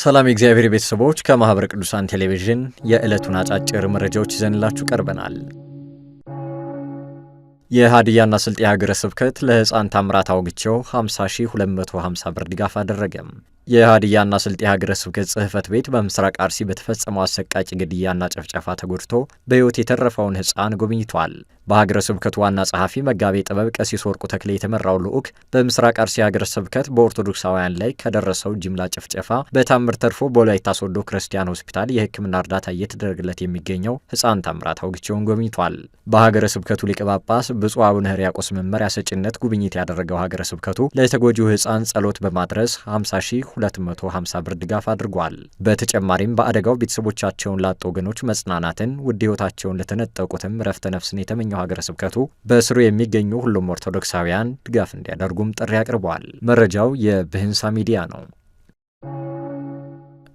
ሰላም የእግዚአብሔር ቤተሰቦች ከማኅበረ ቅዱሳን ቴሌቪዥን የዕለቱን አጫጭር መረጃዎች ይዘንላችሁ ቀርበናል። የሀዲያና ስልጤ ሀገረ ስብከት ለሕፃን ታምራት አውግቸው 50250 ብር ድጋፍ አደረገም። የሀዲያና ስልጤ ሀገረ ስብከት ጽሕፈት ቤት በምስራቅ አርሲ በተፈጸመው አሰቃቂ ግድያና ጭፍጨፋ ተጎድቶ በሕይወት የተረፈውን ሕፃን ጎብኝቷል። በሀገረ ስብከቱ ዋና ጸሐፊ መጋቤ ጥበብ ቀሲስ ወርቁ ተክሌ የተመራው ልዑክ በምስራቅ አርሲ ሀገረ ስብከት በኦርቶዶክሳውያን ላይ ከደረሰው ጅምላ ጭፍጨፋ በታምር ተርፎ በወላይታ ሶዶ ክርስቲያን ሆስፒታል የሕክምና እርዳታ እየተደረገለት የሚገኘው ህፃን ታምራት አውግቸውን ጎብኝቷል። በሀገረ ስብከቱ ሊቀ ጳጳስ ብፁዕ አቡነ ሕርያቆስ መመሪያ ሰጭነት ጉብኝት ያደረገው ሀገረ ስብከቱ ለተጎጂው ህፃን ጸሎት በማድረስ 50250 ብር ድጋፍ አድርጓል። በተጨማሪም በአደጋው ቤተሰቦቻቸውን ላጡ ወገኖች መጽናናትን፣ ውድ ህይወታቸውን ለተነጠቁትም ረፍተ ነፍስን የተመኘ ሀገረ ስብከቱ በስሩ የሚገኙ ሁሉም ኦርቶዶክሳውያን ድጋፍ እንዲያደርጉም ጥሪ አቅርበዋል። መረጃው የብህንሳ ሚዲያ ነው።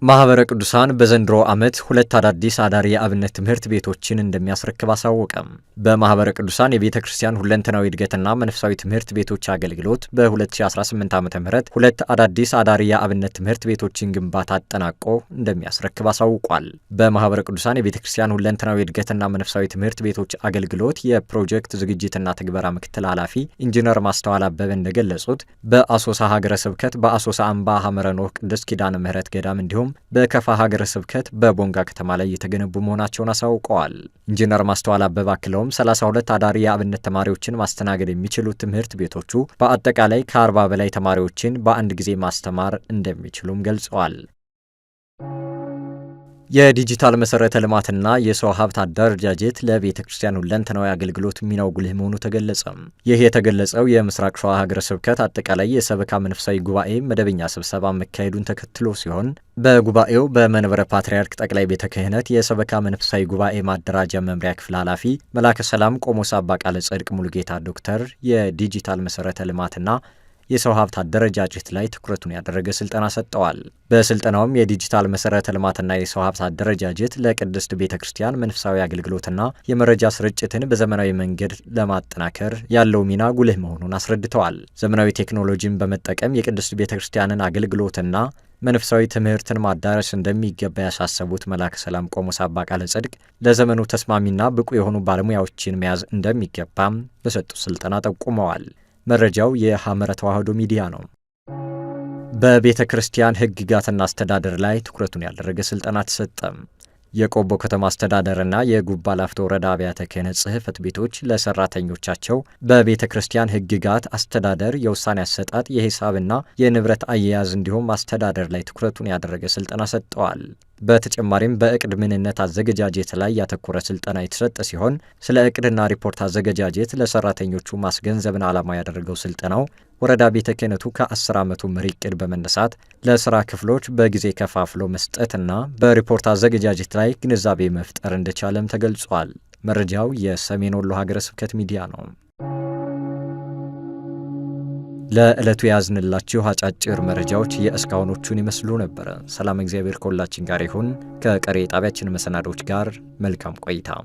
ማህበረ ቅዱሳን በዘንድሮ ዓመት ሁለት አዳዲስ አዳሪ የአብነት ትምህርት ቤቶችን እንደሚያስረክብ አሳወቀም። በማህበረ ቅዱሳን የቤተ ክርስቲያን ሁለንተናዊ እድገትና መንፈሳዊ ትምህርት ቤቶች አገልግሎት በ2018 ዓ ም ሁለት አዳዲስ አዳሪ የአብነት ትምህርት ቤቶችን ግንባታ አጠናቆ እንደሚያስረክብ አሳውቋል። በማህበረ ቅዱሳን የቤተ ክርስቲያን ሁለንተናዊ እድገትና መንፈሳዊ ትምህርት ቤቶች አገልግሎት የፕሮጀክት ዝግጅትና ትግበራ ምክትል ኃላፊ ኢንጂነር ማስተዋል አበበ እንደገለጹት በአሶሳ ሀገረ ስብከት በአሶሳ አምባ ሐመረ ቅዱስ ኪዳነ ምህረት ገዳም እንዲሁም በከፋ ሀገረ ስብከት በቦንጋ ከተማ ላይ የተገነቡ መሆናቸውን አሳውቀዋል። ኢንጂነር ማስተዋል አበባ አክለውም 32 አዳሪ የአብነት ተማሪዎችን ማስተናገድ የሚችሉ ትምህርት ቤቶቹ በአጠቃላይ ከ40 በላይ ተማሪዎችን በአንድ ጊዜ ማስተማር እንደሚችሉም ገልጸዋል። የዲጂታል መሰረተ ልማትና የሰው ሀብት አደረጃጀት ለቤተ ክርስቲያን ሁለንተናዊ አገልግሎት ሚናው ጉልህ መሆኑ ተገለጸ። ይህ የተገለጸው የምስራቅ ሸዋ ሀገረ ስብከት አጠቃላይ የሰበካ መንፈሳዊ ጉባኤ መደበኛ ስብሰባ መካሄዱን ተከትሎ ሲሆን በጉባኤው በመንበረ ፓትርያርክ ጠቅላይ ቤተ ክህነት የሰበካ መንፈሳዊ ጉባኤ ማደራጃ መምሪያ ክፍል ኃላፊ መላከ ሰላም ቆሞስ አባ ቃለ ጽድቅ ሙሉጌታ ዶክተር የዲጂታል መሰረተ ልማትና የሰው ሀብት አደረጃጀት ላይ ትኩረቱን ያደረገ ስልጠና ሰጥተዋል። በስልጠናውም የዲጂታል መሰረተ ልማትና የሰው ሀብት አደረጃጀት ለቅድስት ቤተ ክርስቲያን መንፈሳዊ አገልግሎትና የመረጃ ስርጭትን በዘመናዊ መንገድ ለማጠናከር ያለው ሚና ጉልህ መሆኑን አስረድተዋል። ዘመናዊ ቴክኖሎጂን በመጠቀም የቅድስት ቤተ ክርስቲያንን አገልግሎትና መንፈሳዊ ትምህርትን ማዳረስ እንደሚገባ ያሳሰቡት መላከ ሰላም ቆሞስ አባ ቃለ ጽድቅ ለዘመኑ ተስማሚና ብቁ የሆኑ ባለሙያዎችን መያዝ እንደሚገባም በሰጡት ስልጠና ጠቁመዋል። መረጃው የሐመረ ተዋህዶ ሚዲያ ነው። በቤተ ክርስቲያን ሕግጋትና አስተዳደር ላይ ትኩረቱን ያደረገ ስልጠና ተሰጠም። የቆቦ ከተማ አስተዳደርና የጉባ ላፍቶ ወረዳ አብያተ ክህነት ጽህፈት ቤቶች ለሰራተኞቻቸው በቤተ ክርስቲያን ሕግጋት፣ አስተዳደር፣ የውሳኔ አሰጣጥ፣ የሂሳብና የንብረት አያያዝ እንዲሁም አስተዳደር ላይ ትኩረቱን ያደረገ ስልጠና ሰጥተዋል። በተጨማሪም በእቅድ ምንነት አዘገጃጀት ላይ ያተኮረ ስልጠና የተሰጠ ሲሆን ስለ እቅድና ሪፖርት አዘገጃጀት ለሰራተኞቹ ማስገንዘብን ዓላማ ያደረገው ስልጠናው ወረዳ ቤተ ክህነቱ ከ10 ዓመቱ መሪ እቅድ በመነሳት ለስራ ክፍሎች በጊዜ ከፋፍሎ መስጠትና በሪፖርት አዘገጃጀት ላይ ግንዛቤ መፍጠር እንደቻለም ተገልጿል። መረጃው የሰሜን ወሎ ሀገረ ስብከት ሚዲያ ነው። ለዕለቱ የያዝንላችሁ አጫጭር መረጃዎች የእስካሁኖቹን ይመስሉ ነበረ። ሰላም እግዚአብሔር ከሁላችን ጋር ይሁን። ከቀሪ ጣቢያችን መሰናዶች ጋር መልካም ቆይታ